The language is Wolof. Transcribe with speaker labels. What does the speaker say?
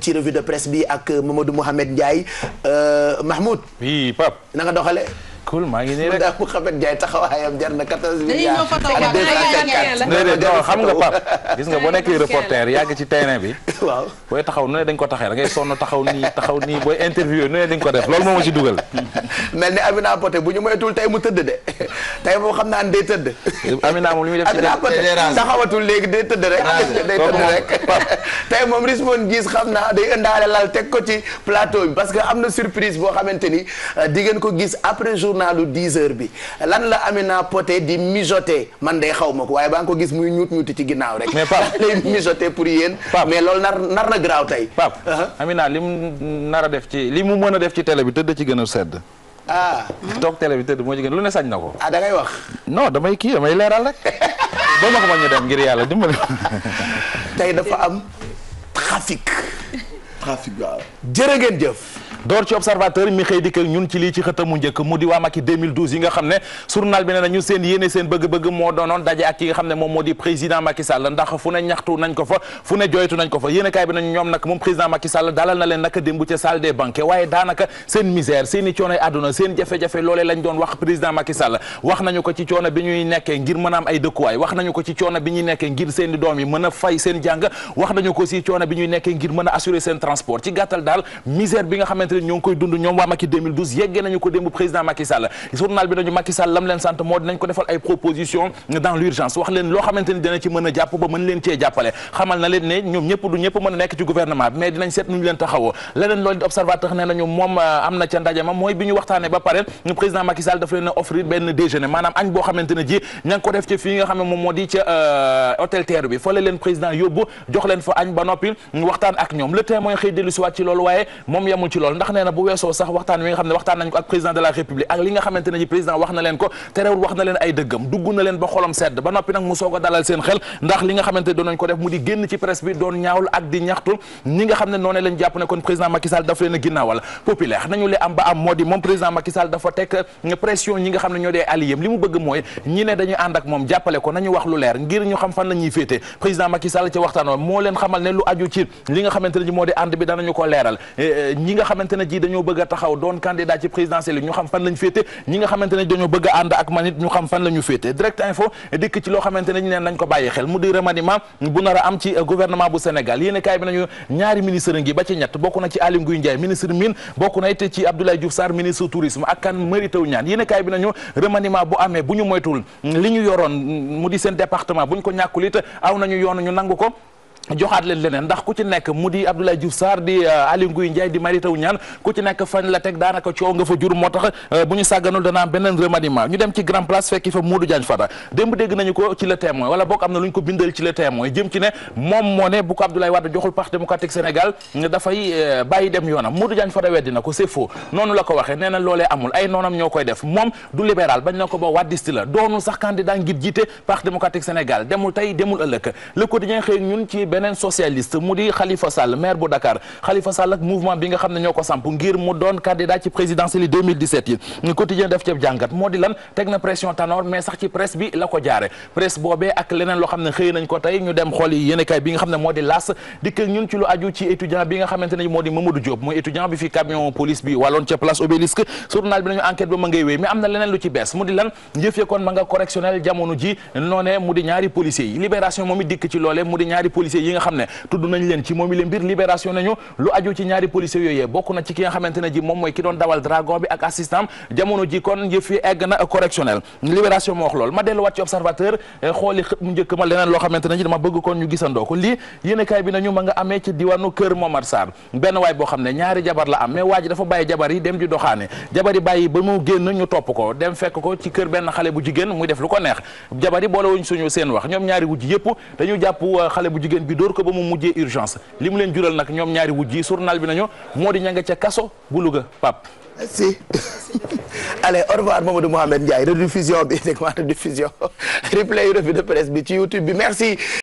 Speaker 1: ci revue de presse bi ak Mamadou Mouhamed Ndiaye euh, Mahmoud. oui Pape. na nga
Speaker 2: doxale cool maa ngi nii
Speaker 1: rek Mamadou Mouhamed Ndiaye taxawaayam jar na 14 milliards ak 244 déedéet non xam nga Pape gis nga boo nekkee reporter yàgg
Speaker 2: ci terrain bi. waaw booy taxaw nu ne dañ ko taxee da ngay sonn taxaw nii taxaw nii booy interview nu ne dañ ko def loolu moom ma ci dugal mel ni Amina Poté bu ñu moytul tey mu tëdd de tey moom xam naa ne day tëdd Amina moom li muy def ci Amina Poté
Speaker 1: taxawatul gis xam naa day ëndaale lal teg ko ci plateau bi parce que am na surprise boo xamante ni euh, di ko gis après journalu 10 heures bi lan la Amina Poté di mijoté man day xaw ma ko waaye baa nga ko gis muy ñuut ñuuti ci ginnaaw rek lay
Speaker 2: mijoté pour yéen mais nar nar na garaaw tey. Pape Amina li mu nar def ci li mu mën a def ci télé bi tëdd ci gën a sedd. ah. toog télé bi tëdd moo ci gën lu ne sañ na ko. ah da ngay wax. non damay kii damay leeral rek. boo ma ma ñu dem ngir yàlla dimbali. tey dafa am trafic. trafic waaw. jërë ngeen jëf. door ci observateur mi xëy dikk ak ñun ci lii ci xëtam njëkk mu di waa Macky yi nga xam ne journal bi ne nañu seen yéene seen bëgg-bëgg moo doonoon daje ak ki nga xam ne moom moo di président Macky Sall ndax ko ñoom nag moom dalal na leen naka démb ca salle des banques waaye daanaka seen misère seen i coonoy àdduna seen jafe-jafe loolee lañ doon wax président Macky Sall wax nañu ko ci coono bi ñuy nekkee ngir mën am ay dëkkuwaay wax nañu ko ci coono bi ñuy nekkee ngir seen i doom yi mën a fay seen bi ñuy nekkee ngir mën a assurer seen transport ci ñoo ngi koy dund ñoom waa Macky 2012 nañu ko démb président Macky Sall bi nañu Macky lam leen sant moo dinañ ko defal ay proposition dans l'urgence wax leen loo xamante ni mën a jàpp ba mën leen cee jàppale xamal na leen ne ñoom ñëpp du ñëpp mën a nekk ci gouvernement bi mais dinañ seet nu ñu leen taxawoo leneen loolu di observateur nee moom euh, am na ca ndaje ma mooy bi ñu waxtaane ba pare président Macky daf leen a benn déjeuner maanaam ndax nee na bu weesoo sax waxtaan wi nga xam ne waxtaan nañ ko ak président de la république ak li nga xamante ne ko terewul wax na leen ay dëggam li nga xamante ne ko def ñi nga xam nañu wa moo ko leeral eh, eh, ñi nga xamante xamante ne ji dañoo bëgg taxaw doon candidat ci présidentielle ñu xam fan lañu féete ñi nga xamante ne dañoo bëgg a ànd ak man it ñu xam fan la féete direct info dikk ci loo xamante ne ñu neen nañ ko bàyyi xel mu di remaniement bu nar am ci gouvernement bu Sénégal yéen kaay bi nañu ñaari ministre ngi ba ci ñett bokk na ci Aly Ngouille Ndiaye ministre mine bokk na it ci Abdoulaye Diouf Sarr ministre tourisme ak kan Mary Teuw Niane bi nañu remaniement bu amee li ñu yoroon mu di seen département bu ñu ko ñàkkul it aw yoon ñu nangu ko joxaat leen leneen ndax ku ci nekk mu di Abdoulaye Diouf Sarr di euh, Aly Ngouille di Mary Teuw Niane ku ci nekk fañ la teg daanaka coow nga fa jur moo tax euh, bu ñu sàgganul dana am beneen remaniement ñu dem ci grand place fekki fa Modou Diagne Fada démb dégg nañu ko ci le témoin wala boog am na lu ñu ko bindal ci le témoin jëm ci ne moom moo ne bu ko Abdoulaye Wade joxul Parti démocratique Sénégal dafay euh, bàyyi dem yoonam Modou Diagne Fada weddi ko c'est faux beneen mu di Khalifa Sall maire bu Dakar Khalifa Sall ak mouvement bi nga xam ne ñoo ko samp ngir mu doon candidat ci présidentielle yi 2017 yi def ceeb jàngat moo di lan teg na pression Tanor mais sax ci presse bi la ko jaare presse boobee ak leneen loo xam ne xëy nañ ko tey ñu dem xool yi yéenekaay bi nga xam ne moo di las dikk ñun ci lu aju ci étudiant bi nga xamante ne moo di Mamadou Diop mooy étudiant bi fi camion police bi wàlloon ca place Obélisque yi nga xam ne tudd nañ leen ci moom i le mbir libération nañu lu aju ci ñaari policiers yooyee bokk na ci ki nga xamante ji moom mooy ki doon dawal dragon bi ak assistant jamono ji kon eh, njëkk ma leneen loo xamante ji dama bëgg kon ñu gisandoo ko lii yéenekaay bi nañu ma nga amee ci diwanu kër Momar Sarr benn waay boo xam ne ñaari jabar la am mais waa ji dafa bàyyi jabar yi dem di doxaane jabar yi bàyyi ba mu génn ñu topp ko dem fekk ko ci kër bi dóor ko ba mu mujjee urgence li mu leen jural nag ñoom ñaari wujj yi journal bi nañu moo di ña nga ca kaso bu Louga Pape. merci
Speaker 1: allez au revoir Mamadou Mohamed Ndiaye rediffusion bi dégg nga rediffusion replay revue de presse bi ci YouTube bi merci.